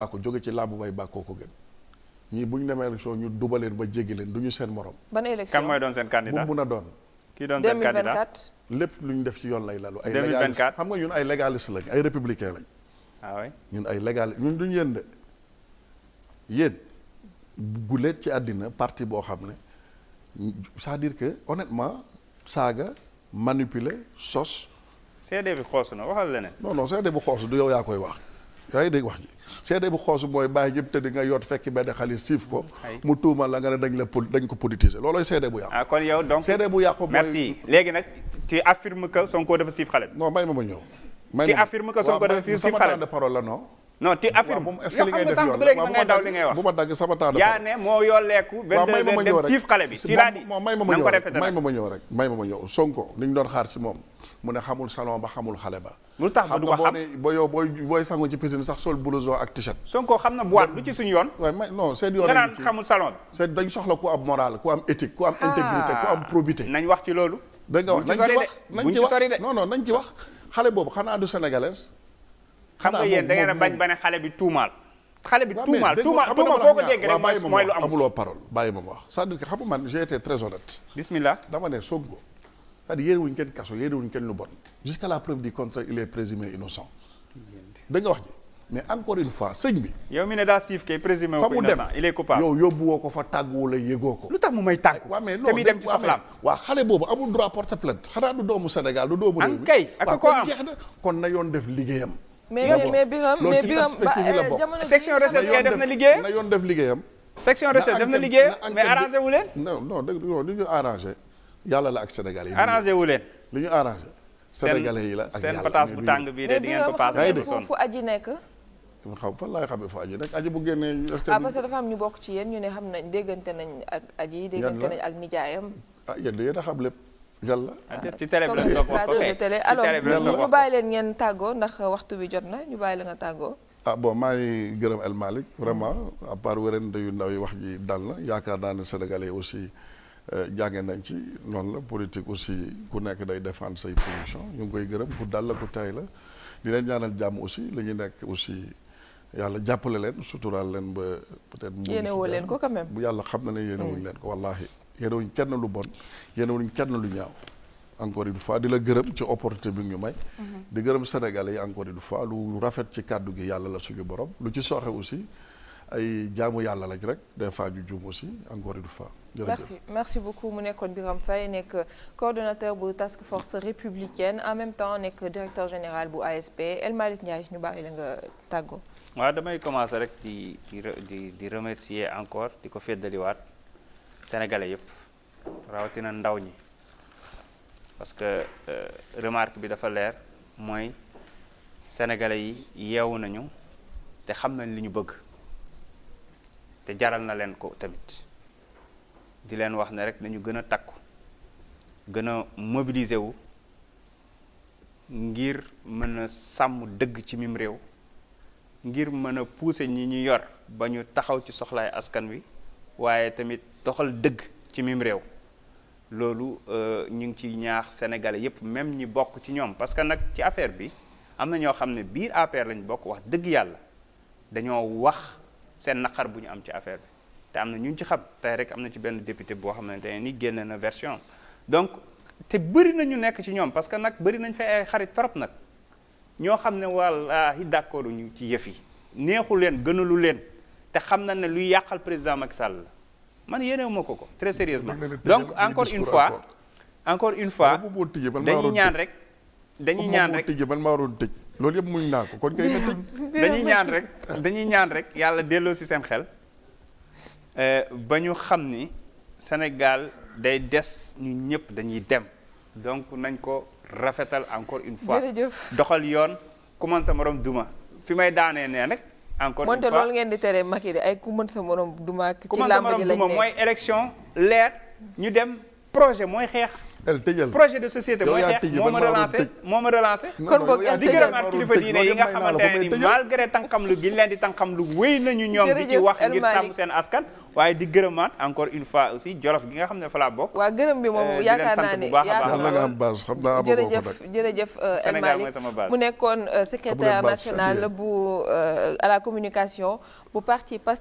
baa ko jóge ci làmb bay baa ko gën ñii bu ñu demee élection ñu dubaleen ba jéggi leen duñu ñu seen morom. ban élection kan mooy doon seen candidat bu mun a doon. kii doon seen candidat lépp lu ñu def ci yoon lay lalu. ay légaliste xam nga ñun ay légaliste lañ ay républicain lañ. waaw ah ñun ay légal ñun duñ yéen de yéen guleet ci àddina partie boo xam ne c'est-à-dire que honnêtement saaga manipule sos. CD bi xoosu na waxal leneen. non non CD bu xoosu du yow yaa koy wax. yaa day wax ji seede bu xoosu mooy bàyyi ñëpp te di nga yoot fekki benn xaalis siif ko mu tuumal la nga ne dañ la pol dañ ko politiser loolooy seede bu yàqu ah kon yow donc seede bu yàqu mooy merci léegi nag tu affirmes que Sonko dafa siif xale moo may ma ma ñëw may tu affirmes que Sonko dafa siif xale ma temps de parole la non non tu affirmes moom est-ce que li ngay def yoon la waaw wax bu ma dagg sama temps de yaa ne xale bi ci laa di may ma ma ñëw Sonko li ñu doon xaar ci moom mu ne xamul salon ba xamul xale ba lu tax ba du ko xam ne ba yow booy booy sangu ci piscine sax sol blouson ak t-shirt Sonko xam na boîte lu ci suñu yoon waaye may nga xamul salon bi c'est dañ soxla ku am moral ku am éthique ku am ah. intégrité ku am probité nañ wax ci loolu da nga wax nañ ci wax nañ wax non non nañ ci wax xale boobu xanaa du sénégalaise xam nga yéen da ngeen bañ ba ne xale bi tuumaal. xale bi tuumaal tuumaal tuumaal foo ko dégg rek mooy lu am amuloo parole bàyyi ma wax c'est-à-dire que xam nga man j'ai été bismillah dama ne Sonko c'est-à-dire yéen wuñ kenn kaso yéen wuñ kenn lu bon. jusqu'à la preuve du contraire il présumé innocent. da wax ji mais encore une fois sëñ bi. yow mi ne daa siif kay présumé wu ko innocent il est coupable yow yóbbu woo ko fa tàgguwoo yëgoo ko. lu tax mu may tàggu. Eh, waaw mais non tamit dem ci soxlaam. waaw xale boobu amul doomu Sénégal du doomu réew na kon na yoon def liggéeyam mais mais Birame mais Birame ba euh, section recherche kay def na liggéeyam na yoon def liggéeyam. section recherche def na liggéeyam mais arrangé wu leen. non non dégg ñu arrangé yàlla la ak sénégalais yi. arrangé wu leen. li ñu arrangé. sénégalais yi la ak yàlla seen pataas bu tàng bii de ngeen ko passé. aji nekk. xam bu génnee. est ah, que dafa am ñu bokk ci yéen ñu ne xam nañ déggante nañ ak aji. déggante nañ ak nijaayam. ah yéen yéen xam lépp yàlla ci télé bi la toog wax ko ci télé alors ñu bàyyi leen ngeen tàggoo ndax waxtu bi jot na ñu bàyyi la nga tàggoo ah bon maa ngi gërëm El Malick vraiment à part wérante yu ndaw yi wax ji dal na yaakaar naa ne sénégalais yi aussi jànge nañ ci noonu la politique aussi ku nekk day défendre say position ñu ngi koy gërëm ku dal la ku tay la di leen ñaanal jàmm aussi li ñu nekk aussi yàlla jàppale leen suturaal leen ba peut-être yéene woo leen ko quand même bu yàlla xam na ne yéene wuñ leen ko wallaahi yéenewuñ kenn lu bon yéenewuñ kenn lu ñaaw encore une fois di la gërëm ci opportunité bi ñu may mhm. di gërëm sénégalais yi encore une fois lu rafet ci kàddu gi yàlla la suñu borom lu ci sooxe aussi ay jaamu yàlla lañ rek des fois ñu juum aussi encore une fois merci merci beaucoup mu nekkoon Birame Faye nekk coordonnateur bu task force républicaine en même temps nekk directeur général bu ASP El Malick Ndiaye ñu bàyyi la nga tàggoo waaw damay commencer rek di di di remercier encore di ko feddaliwaat sénégalais yëpp rawatina ndaw ñi parce que euh, remarque bi dafa leer mooy sénégalais yi yeewu nañu te xam nañ li ñu bëgg te jaral na leen ko tamit di leen wax ne rek nañu gën a takku gën a mobiliser wu ngir mën a sàmm dëgg ci mim réew ngir mën a pousser ñi ñu yor ba ñu taxaw ci soxlaay askan wi waaye tamit doxal dëgg ci miim réew loolu euh, ñu ngi ci ñaax sénégale yépp même ñi bokk ci ñoom parce que nag ci affaire bi am na ñoo xam ne biir APR lañ bokk wax dëgg yàlla dañoo wax seen naqar bu ñu am ci affaire bi te am na ñu ci xam tey rek am na ci benn député boo xamante ne ni génne na version donc te bëri na ñu nekk ci ñoom parce que nag bëri nañ fee ay xarit trop nag ñoo xam ne wallaahi d'accord ñu ci yëf neexu leen gënalu leen te xam na ne luy yàqal président Macky Sall la man yéenewu ma ko ko très sérieusement donc encore une fois encore une fois dañuy ñaan rek dañuy ñaan rek tëjee man maa waroon tëj loolu yëpp muñ naa ko kon kay na tëj dañuy ñaan rek dañuy ñaan rek yàlla delloo si seen xel eh, ba ñu xam ni Sénégal day des ñu ñëpp dañuy dem donc nañ ko rafetal encore une fois doxal yoon ku man sa morom duma fi may daanee nee rek encore une fois ngeen di tere Macky de ay ku mën sa morom duma ci làmb ji lañ nekk mooy élection leer ñu dem projet mooy xeex. projet de société mooy xeex moo ma relancé moo ma relancé kon boog di gërëmaat kilifa diine yi nga xamante ne ni malgré tànkam lu gi leen di tànkam lu wéy nañu ñoom di ci wax ngir sàmm waaye di gërëmaat encore une aussi jolof gi nga xam ne fa laa bokk waaw gërëm bi moom euh, yaakaar naa ne jërëjëf jërëjëf euh, El Malick mu nekkoon euh, secrétaire national bu à la communication bu parti